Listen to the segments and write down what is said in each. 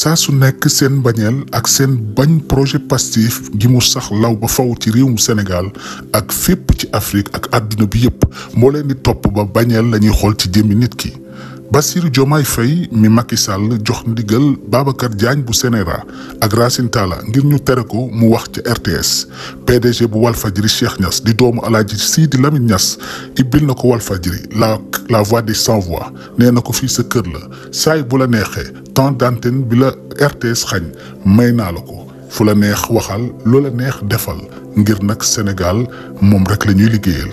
saa su nekk seen bañeel ak seen bañ projet Pastef gi mu sax law ba faw ci réewum Sénégal ak fépp ci Afrique ak àdduna bi yépp moo leen di topp ba bañeel lañuy xool ci jëmmi nit ki Bassirou Diomaye fay mi makki Sall jox ndigal Babacar Diagne bu Sénéra ak Racine Talla ngir ñu tere ko mu wax ci RTS PDG bu Walfadjri Cheikh Niass di doomu Alaaji Sidi Lamine Niass ibbil na ko Walfadjri la la voix de sans voix nee na ko fii sa kër la saay bu la neexee temps d'antenne bi la RTS xañ may naa la ko fu la neex waxal loola neex defal ngir nag Sénégal moom rek la ñuy liggéeyal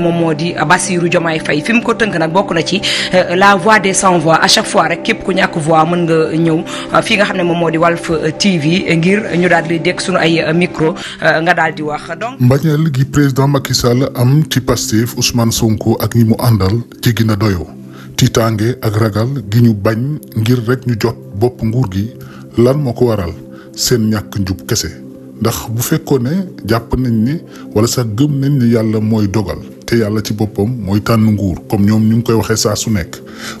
moom moo di Bassirou Diomaye Faye fi mu ko tënk nag bokk na ci euh, la voix des sans voix à chaque fois rek képp ku ñàkk voix mën nga ñëw euh, fi nga xam ne moom moo di Walf euh, TV ngir ñu daal di dégg suñu ay micro nga daal di wax donc. mbañeel gi président Macky Sall am ci Pastef Ousmane Sonko ak ñi mu àndal ci gën a doyoo tiitaange ak ragal gi ñu bañ ngir rek ñu jot bopp nguur gi lan moo ko waral seen ñàkk njub kese. ndax bu fekkoo ne jàpp nañ ni wala sax gëm nañ ni yàlla dogal te yàlla ci bopom moy tan nguur comme ñom ñu koy waxe sa su nek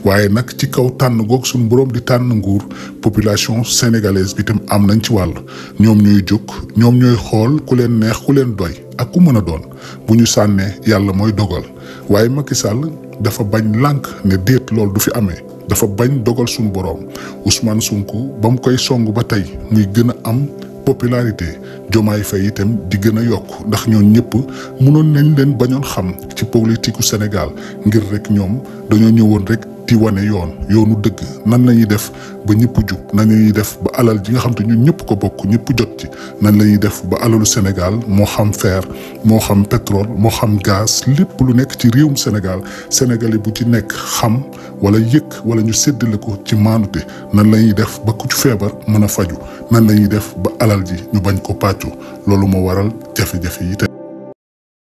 waye nak ci kaw tan goog suñu borom di tan nguur population sénégalaise bi tam am nañ ci wal ñom ñooy juk ñom ñooy xol ku len neex ku len doy ak ku mën doon bu ñu sànnee yàlla dogal waye Macky Sall dafa bañ lank ne déet lool du fi amé dafa bañ dogal suñu borom Ousmane Sonko bam koy songu ba tay muy gëna am popularité Diomaye Faye itam di gën a yokk ndax ñoon ñëpp mënoon nañ leen bañoon xam ci politiku Sénégal ngir rek ñoom dañoo ñëwoon rek di wane yoon yoonu dëgg nan la ñuy def ba ñëpp jub nan la def ba alal ji nga xam te ñun ñëpp ko bokk ñëpp jot ci nan la ñuy def ba alalu Sénégal moo xam fer moo xam pétrole moo xam gaz lépp lu nekk ci réewum Sénégal Sénégalais bu ci nekk xam wala yëkk wala ñu séddale ko ci maanute nan la ñuy def ba ku ci feebar mën a faju nan la ñuy def ba alal ji ñu bañ ko pàccoo loolu moo waral jafe-jafe yi.